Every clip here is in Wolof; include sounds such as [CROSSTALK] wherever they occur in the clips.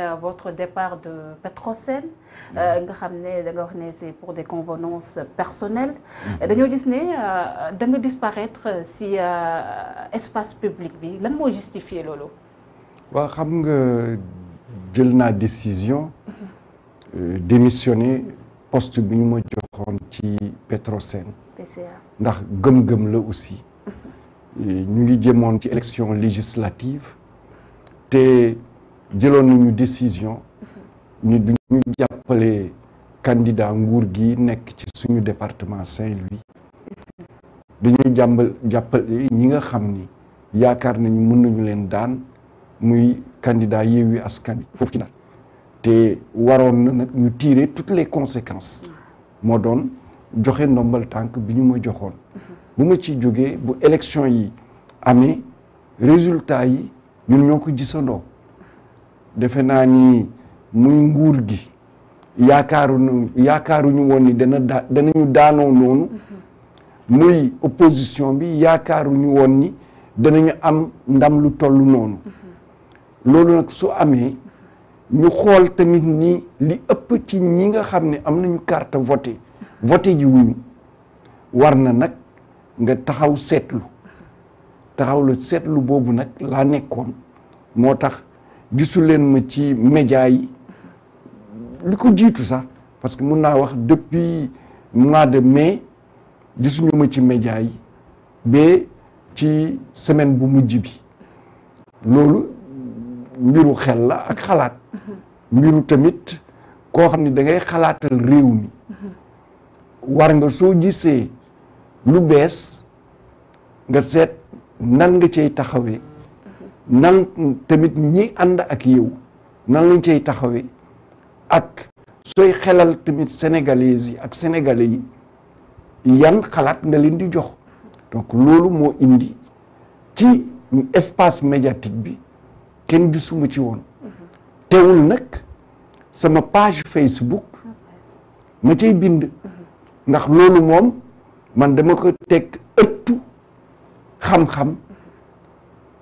Euh, votre départ de Petrosen mm. euh, nga xam ne da nga wax ne c'est pour des convenances personnelles mm-hmm. euh, dañoo gis ne da nga disparaître si espace public bi lan moo justifier lolo waaw xam nga jël naa décision mm-hmm. démissionner poste bi ñu ma joxoon ci Petrosen ndax gëm-gëm la aussi mm-hmm. ñu ngi jëmoon ci élection législative te jëloon nañu décision ni du ñu jàppale candidat nguur gi nekk ci suñu département Saint-Louis dañuy jàmbal jàppale ñi nga xam ni yaakaar nañu mun nañu leen daan muy candidat Yewwi Askan Wi foofu ci daal te waroon na nag ñu tirer toutes les conséquences moo doon joxe ndombal tànk bi ñu ma joxoon bu ma ci jógee bu élection yi amee résultat yi ñun ñoo ko gisandoo defe naa ni muy nguur gi yaakaaruñu yaakaaruñu woon ni dana da danañu daanoo noonu mm-hmm. muy opposition bi yaakaaruñu woon ni danañu am ndam lu toll noonu mm-hmm. loolu nag su amee ñu xool tamit ni li ëpp ci ñi nga xam ne am nañu carte voté voté ji wuñu war na nag nga taxaw seetlu mm-hmm. taxaw la seetlu boobu nag laa nekkoon moo tax gisu leen ma ci média yi li ko jiitu sax parce que mun naa wax depuis mois de mai gisuñu ma ci média yi ba ci semaine bu mujj bi loolu mbiru xel la ak xalaat mbiru tamit koo xam ni dangay ngay xalaatal réew mi war nga soo gisee lu bees nga seet nan nga cay taxawee nan tamit ñi ànd ak yow nan lañ cay taxawee ak sooy xelal tamit sénégalaises yi ak sénégalais yi yan xalaat nga leen di jox donc loolu moo indi ci espace médiatique bi kenn gisuma ci woon teewul nag sama page Facebook ma cay bind ndax loolu moom man dama ko teg ëttu xam-xam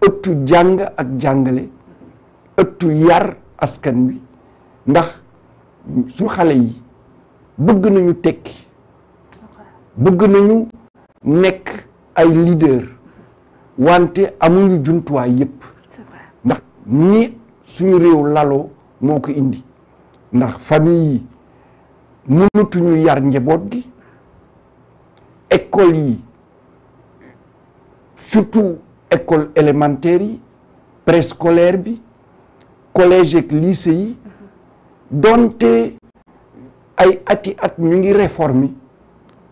ëttu jàng ak jàngale ëttu yar askan wi ndax su xale yi bëgg nañu tekki bëgg nañu nekk ay leader wante amuñu jumtuwaay yépp ndax ni suñu réew laloo moo ko indi ndax famille yi mënatuñu yar njaboot gi école yi surtout école élémentaire yi préscolaire bi collège ak lycée yi doonte ay ati at ñu ngi réforme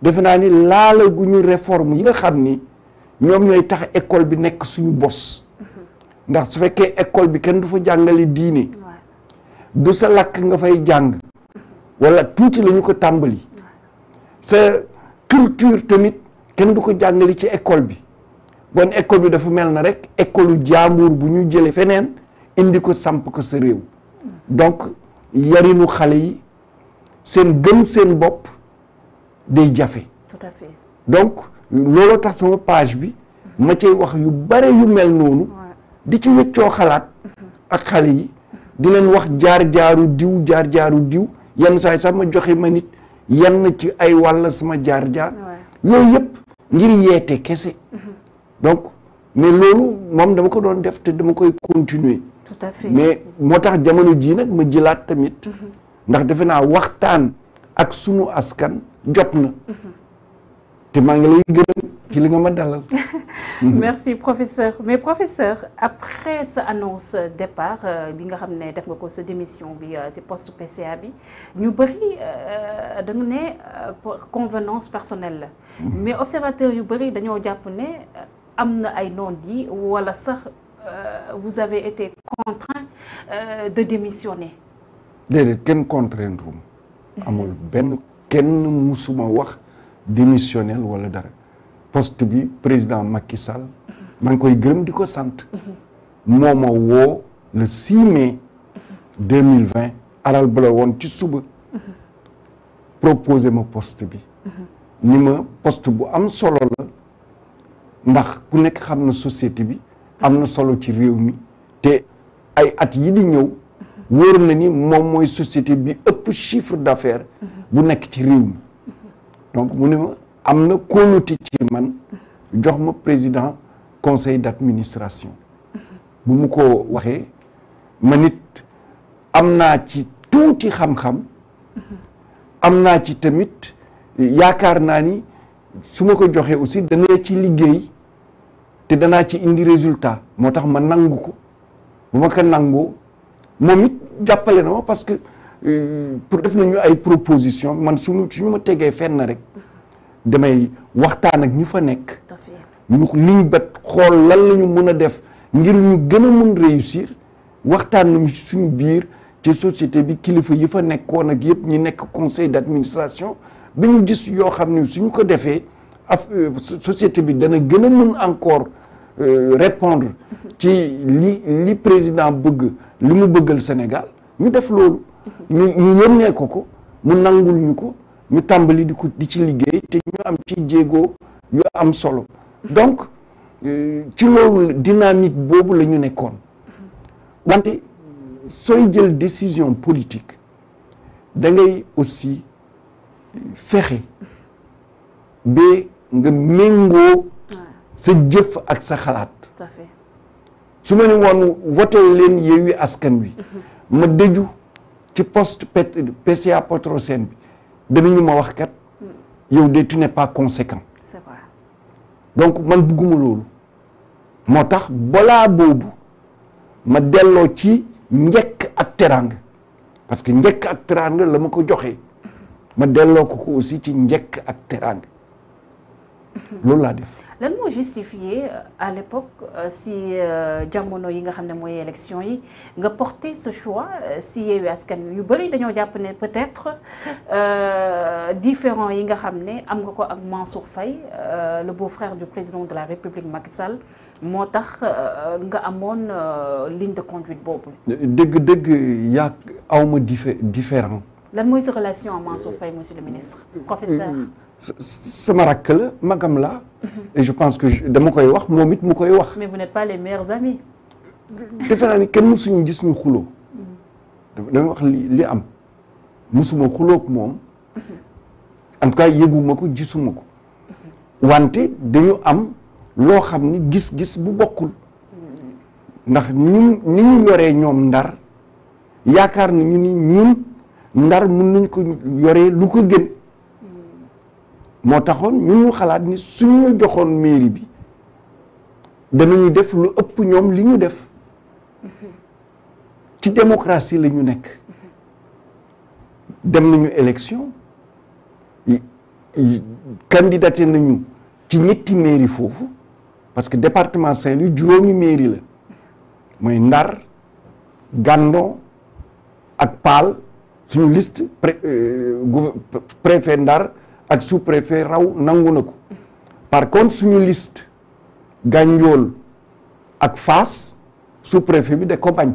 defe naa ni laalaguñu réforme yi nga xam ni ñoom ñooy tax école bi nekk suñu bos ndax su fekkee école bi kenn du fa jàngale diine du sa lakk nga fay jàng wala tuuti la ñu ko tàmbali sa culture tamit kenn du ko jàngale ci école bi bon école bi dafa mel na rek école jaambur bu ñu jëlee feneen indi ko samp ko sa réew donc yarinu xale yi seen gëm seen bopp day jafe. tout donc looloo tax sama page bi ma cay wax yu bare yu mel noonu. di ci wëccoo xalaat ak xale yi di leen wax jaar-jaaru diw jaar-jaaru diw yan saa yi sax ma joxe ma nit yan na ci ay wàll sama jaar-jaar. yooyu yëpp ngir yeete kese. Mm-hmm. donc mais loolu moom dama ko doon def te dama koy continuer. tout à fait mais moo tax jamono jii nag ma jëlaat tamit. Mhm. ndax defe naa waxtaan ak sunu askan jot na. Mhm. te maa ngi lay gërëm ci li nga ma dalal. [LAUGHS] Mhm. merci professeur mais professeur après sa annonce départ euh, bi nga xam ne def nga ko sa démission bi si euh, poste PCA bi ñu bëri euh, da nga ne convenance personnelle la. mais observateur yu bëri dañoo jàpp ne. am na ay non-dits wala sax euh, vous avez été contraint euh, de démissionner. déedéet kenn contraindre ma. amul benn kenn musuma wax démissionnel wala dara poste bi président Macky Sall. maa ngi koy gërëm di ko sant. moo ma woo le 6 mai. 2020 alal bu la woon ci suba. proposé ma post bi. ni ma poste bu am solo la. ndax ku nekk xam na société bi am na solo ci réew mi te ay at yi di ñëw wóor na ni moom mooy société bi ëpp chiffre d'affaires bu nekk ci réew mi donc mu ne ma am na kóolute ci man jox ma président conseil d'administration bu mu ko waxee ma nit am naa ci tuuti xam-xam am naa ci tamit yaakaar naa ni su ma ko joxee aussi danaa ci liggéey te danaa ci indi résultat moo tax ma nangu ko bu ma ko nangoo moom it jàppale na ma parce que euh, pour def nañu ay proposition man suñu suñu ma tegee fenn rek damay waxtaan ak ñi fa nekk ñu liñ bat xool lan la ñu mën a def ngir ñu gën a mën réussir waxtaan nañu suñu biir ci société bi kilifa yi fa nekkoon ak yëpp ñi nekk conseil d'administration bi dañu gis yoo xam ni suñu ko defee af euh, société bi dana gën a mën encore euh, répondre ci li li président bëgg li mu bëggal Sénégal ñu def loolu ñu ñu yónnee ko mu nangul ñu ko ñu tàmbali di ko di ci liggéey te ñu am ci jéego yu am solo donc euh, ci loolu dynamique boobu la ñu nekkoon wante sooy jël décision politique da ngay aussi fexe ba nga méngoo sa jëf ak sa xalaat su ma ne woon woteel leen Yewwi Askan Wi mhm. ma dëju ci poste PCA Petrosen bi danañu ma wax kat mm. yow de tu n'es pas conséquent donc man bugguma loolu moo tax balaa boobu ma delloo ci njëkk ak teraanga parce que njëkk ak teraanga la ma ko joxee ma delloo ko ko aussi ci njëkk ak teraanga loolu laa def. lan moo justifié euh, à l'époque euh, si euh, jamono yi nga xam ne mooy élection yi nga porté ce choix si Yewwi Askan Wi yu bëri dañoo jàpp ne peut-être différent yi nga xam ne am nga ko ak Mansour Faye le beau-frère du président de la République Macky Sall moo tax nga amoon ligne de conduite boobu. dëgg-dëgg yaa awma différent lan mooy sa relation ak Mansour Faye monsieur le ministre. Mm-hmm. professeur mm-hmm. sama rakk la magam la mm-hmm. je pense que dama koy wax moom it mu koy wax. mais vous n'êtes pas les meilleurs amis. defe naa ni kenn mësuñu gis ñu xuloo. dama wax li li am mësuma xuloog moom. en tout cas yëguma ko gisuma ko. wante dañu am loo xam ni gis-gis bu bokkul. ndax ñun ni ñu yoree ñoom ndar yaakaar nañu ni ñun. ndar mun nañ ko yoree lu ko gën moo taxoon ñun xalaat ni suñu joxoon mairie bi danañu def lu ëpp ñoom li ñu def ci démocratie la ñu nekk dem nañu élection candidaté nañu ci ñetti mairie foofu parce que département Saint-Louis juróomi mairie la mooy Ndar Gandon ak Paal suñu liste euh, préfet Ndar ak sous préfet raw nangu na ko par contre suñu list Gandiol ak Fass sous préfet bi de ko bañ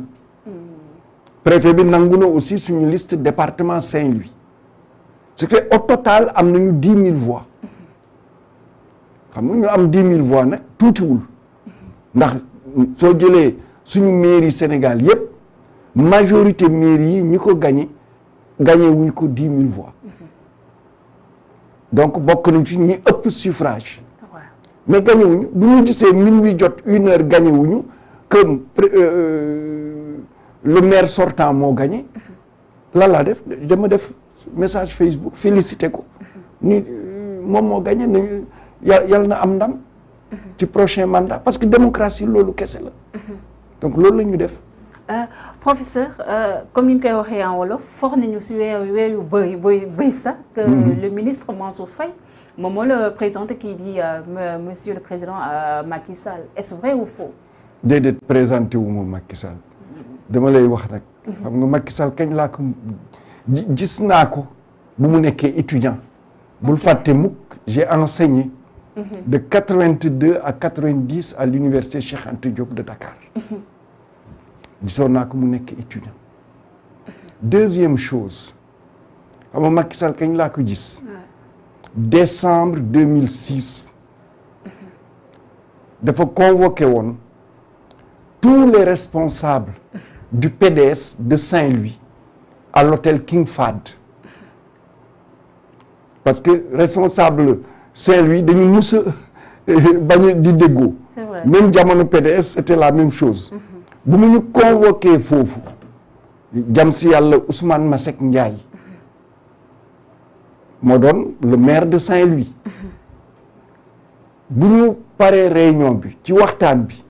préfet bi nangu na aussi suñu list département Saint-Louis ce qui fait au total am nañu dix mille voix xam mu ñu am dix mille voix nag tuutiwul ndax soo jëlee suñu mairie Sénégal yépp majorité mairie yi ñi ko gagné gagné wuñ ko dix mille voix donc bokk nañ ci ñi ëpp suffrage mais gagné wuñu bu ñu gisee minuit jot une heure gagné wuñu que euh, le maire sortant moo gagné lan laa def dama def message Facebook félicité ko ni euh, moom moo gagné nañu yal na am ndam ci prochain mandat parce que démocratie loolu kese la mm-hmm. donc loolu la ñu def Euh, professeur euh, comme ni ñu koy waxee en wolof for nañu si sa weeyu bëy bëy bëy que mhm. le ministre Mansour Faye moom moo président présenté kii di euh, monsieur le président Macky est-ce vrai ou faux déedéet présenté wu ma Macky Sall dama lay wax nag mhm. xam nga Macky Sall kañ laa naa ko bu mu nekkee étudiant bul fàtte mukk j'ai enseigné mhm. de 82 à 90 à l'université Cheikh Anta Diop de Dakar gisoon naa ko mu nekk étudiant deuxième chose xam nga Macky Sall kañ laa ko gis décembre 2006 dafa convoqué woon tous les responsables du PDS de Saint-Louis à l'hôtel King Fahd parce que responsable Saint-Louis dañu mus a euh, bañ di déggoo même jamono PDS c'était la même chose mm-hmm. bu mu ñu convoqué foofu jam si yàlla Ousmane Masseck njaay moo doon le maire de Saint-Louis [LAUGHS] bu ñu paree réunion bi ci waxtaan bi